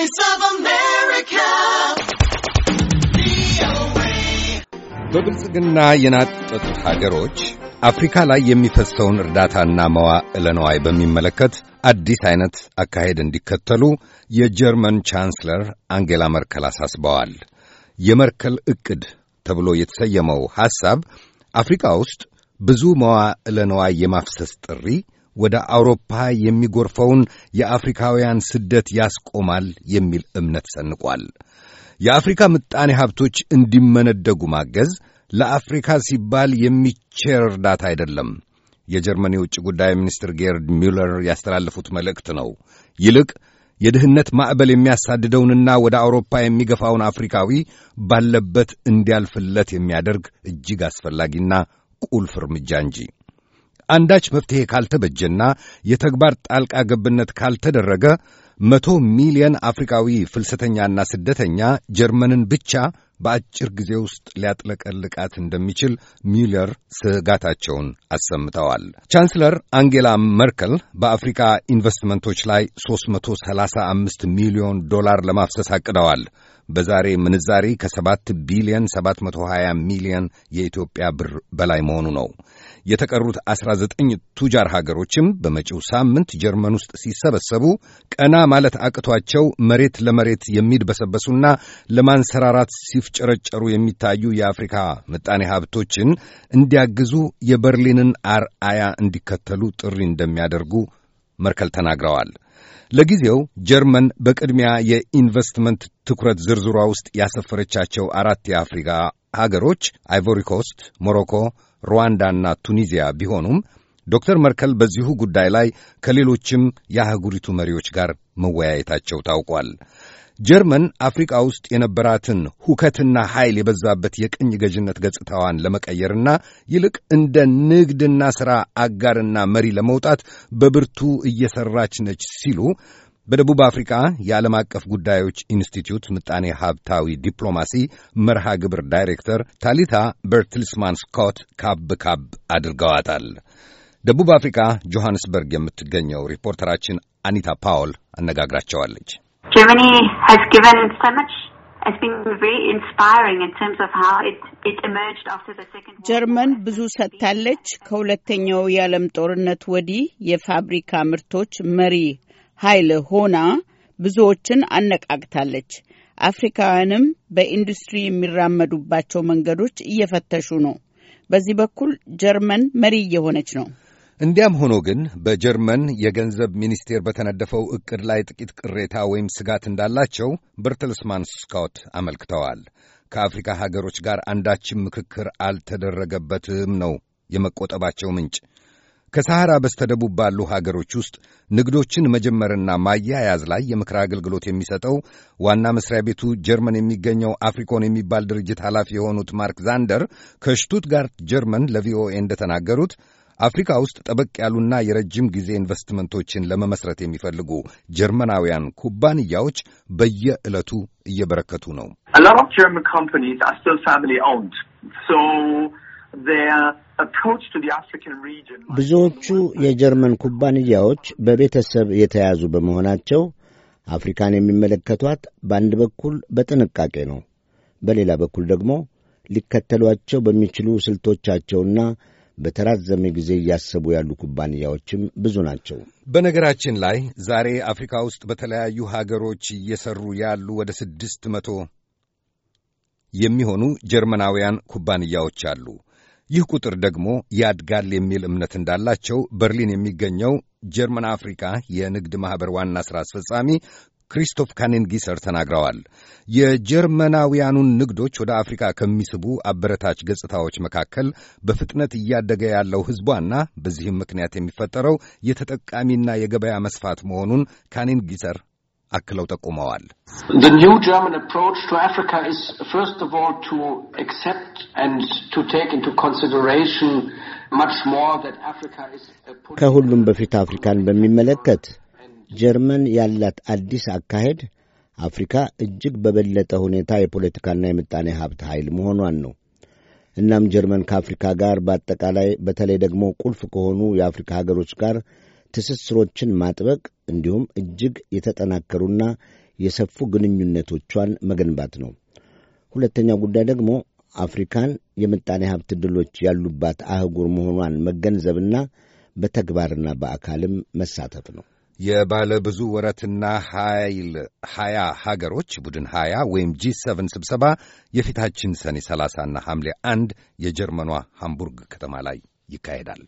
Voice of America. በብልጽግና የናጠጡት ሀገሮች አፍሪካ ላይ የሚፈሰውን እርዳታና መዋዕለ ነዋይ በሚመለከት አዲስ አይነት አካሄድ እንዲከተሉ የጀርመን ቻንስለር አንጌላ መርከል አሳስበዋል። የመርከል እቅድ ተብሎ የተሰየመው ሐሳብ አፍሪካ ውስጥ ብዙ መዋዕለ ነዋይ የማፍሰስ ጥሪ ወደ አውሮፓ የሚጎርፈውን የአፍሪካውያን ስደት ያስቆማል የሚል እምነት ሰንቋል። የአፍሪካ ምጣኔ ሀብቶች እንዲመነደጉ ማገዝ ለአፍሪካ ሲባል የሚቸር እርዳታ አይደለም። የጀርመን የውጭ ጉዳይ ሚኒስትር ጌርድ ሚለር ያስተላለፉት መልእክት ነው። ይልቅ የድህነት ማዕበል የሚያሳድደውንና ወደ አውሮፓ የሚገፋውን አፍሪካዊ ባለበት እንዲያልፍለት የሚያደርግ እጅግ አስፈላጊና ቁልፍ እርምጃ እንጂ አንዳች መፍትሔ ካልተበጀና የተግባር ጣልቃ ገብነት ካልተደረገ መቶ ሚሊየን አፍሪካዊ ፍልሰተኛና ስደተኛ ጀርመንን ብቻ በአጭር ጊዜ ውስጥ ሊያጥለቀልቃት እንደሚችል ሚለር ስጋታቸውን አሰምተዋል። ቻንስለር አንጌላ መርከል በአፍሪካ ኢንቨስትመንቶች ላይ 335 ሚሊዮን ዶላር ለማፍሰስ አቅደዋል። በዛሬ ምንዛሪ ከ7 ቢሊዮን 720 ሚሊዮን የኢትዮጵያ ብር በላይ መሆኑ ነው። የተቀሩት 19 ቱጃር ሀገሮችም በመጪው ሳምንት ጀርመን ውስጥ ሲሰበሰቡ ቀና ማለት አቅቷቸው መሬት ለመሬት የሚድበሰበሱና ለማንሰራራት ሲፍጨረጨሩ የሚታዩ የአፍሪካ ምጣኔ ሀብቶችን እንዲያግዙ የበርሊንን አርአያ እንዲከተሉ ጥሪ እንደሚያደርጉ መርከል ተናግረዋል። ለጊዜው ጀርመን በቅድሚያ የኢንቨስትመንት ትኩረት ዝርዝሯ ውስጥ ያሰፈረቻቸው አራት የአፍሪካ ሀገሮች አይቮሪኮስት፣ ሞሮኮ፣ ሩዋንዳና ቱኒዚያ ቢሆኑም ዶክተር መርከል በዚሁ ጉዳይ ላይ ከሌሎችም የአህጉሪቱ መሪዎች ጋር መወያየታቸው ታውቋል። ጀርመን አፍሪቃ ውስጥ የነበራትን ሁከትና ኃይል የበዛበት የቅኝ ገዥነት ገጽታዋን ለመቀየርና ይልቅ እንደ ንግድና ሥራ አጋርና መሪ ለመውጣት በብርቱ እየሠራች ነች ሲሉ በደቡብ አፍሪካ የዓለም አቀፍ ጉዳዮች ኢንስቲትዩት ምጣኔ ሀብታዊ ዲፕሎማሲ መርሃ ግብር ዳይሬክተር ታሊታ በርትልስማን ስኮት ካብ ካብ አድርገዋታል። ደቡብ አፍሪካ ጆሐንስበርግ የምትገኘው ሪፖርተራችን አኒታ ፓውል አነጋግራቸዋለች። Germany has given so much ጀርመን ብዙ ሰጥታለች። ከሁለተኛው የዓለም ጦርነት ወዲህ የፋብሪካ ምርቶች መሪ ኃይል ሆና ብዙዎችን አነቃቅታለች። አፍሪካውያንም በኢንዱስትሪ የሚራመዱባቸው መንገዶች እየፈተሹ ነው። በዚህ በኩል ጀርመን መሪ እየሆነች ነው። እንዲያም ሆኖ ግን በጀርመን የገንዘብ ሚኒስቴር በተነደፈው ዕቅድ ላይ ጥቂት ቅሬታ ወይም ስጋት እንዳላቸው በርተልስማን ስኮት አመልክተዋል። ከአፍሪካ ሀገሮች ጋር አንዳችም ምክክር አልተደረገበትም ነው የመቆጠባቸው ምንጭ። ከሰሐራ በስተደቡብ ባሉ ሀገሮች ውስጥ ንግዶችን መጀመርና ማያያዝ ላይ የምክር አገልግሎት የሚሰጠው ዋና መስሪያ ቤቱ ጀርመን የሚገኘው አፍሪኮን የሚባል ድርጅት ኃላፊ የሆኑት ማርክ ዛንደር ከሽቱትጋርት ጀርመን ለቪኦኤ እንደተናገሩት አፍሪካ ውስጥ ጠበቅ ያሉና የረጅም ጊዜ ኢንቨስትመንቶችን ለመመስረት የሚፈልጉ ጀርመናውያን ኩባንያዎች በየዕለቱ እየበረከቱ ነው። ብዙዎቹ የጀርመን ኩባንያዎች በቤተሰብ የተያዙ በመሆናቸው አፍሪካን የሚመለከቷት በአንድ በኩል በጥንቃቄ ነው፣ በሌላ በኩል ደግሞ ሊከተሏቸው በሚችሉ ስልቶቻቸውና በተራዘመ ጊዜ እያሰቡ ያሉ ኩባንያዎችም ብዙ ናቸው። በነገራችን ላይ ዛሬ አፍሪካ ውስጥ በተለያዩ ሀገሮች እየሰሩ ያሉ ወደ ስድስት መቶ የሚሆኑ ጀርመናውያን ኩባንያዎች አሉ። ይህ ቁጥር ደግሞ ያድጋል የሚል እምነት እንዳላቸው በርሊን የሚገኘው ጀርመን አፍሪካ የንግድ ማኅበር ዋና ሥራ አስፈጻሚ ክሪስቶፍ ካኔን ተናግረዋል። የጀርመናውያኑን ንግዶች ወደ አፍሪካ ከሚስቡ አበረታች ገጽታዎች መካከል በፍጥነት እያደገ ያለው ሕዝቧና በዚህም ምክንያት የሚፈጠረው የተጠቃሚና የገበያ መስፋት መሆኑን ካኔን አክለው ጠቁመዋል። ከሁሉም በፊት አፍሪካን በሚመለከት ጀርመን ያላት አዲስ አካሄድ አፍሪካ እጅግ በበለጠ ሁኔታ የፖለቲካና የምጣኔ ሀብት ኃይል መሆኗን ነው። እናም ጀርመን ከአፍሪካ ጋር በአጠቃላይ በተለይ ደግሞ ቁልፍ ከሆኑ የአፍሪካ ሀገሮች ጋር ትስስሮችን ማጥበቅ እንዲሁም እጅግ የተጠናከሩና የሰፉ ግንኙነቶቿን መገንባት ነው። ሁለተኛው ጉዳይ ደግሞ አፍሪካን የምጣኔ ሀብት ዕድሎች ያሉባት አህጉር መሆኗን መገንዘብና በተግባርና በአካልም መሳተፍ ነው። የባለ ብዙ ወረትና ኃይል ሀያ ሀገሮች ቡድን ሀያ ወይም ጂ ሰቨን ስብሰባ የፊታችን ሰኔ 30 ና ሐምሌ አንድ የጀርመኗ ሃምቡርግ ከተማ ላይ ይካሄዳል።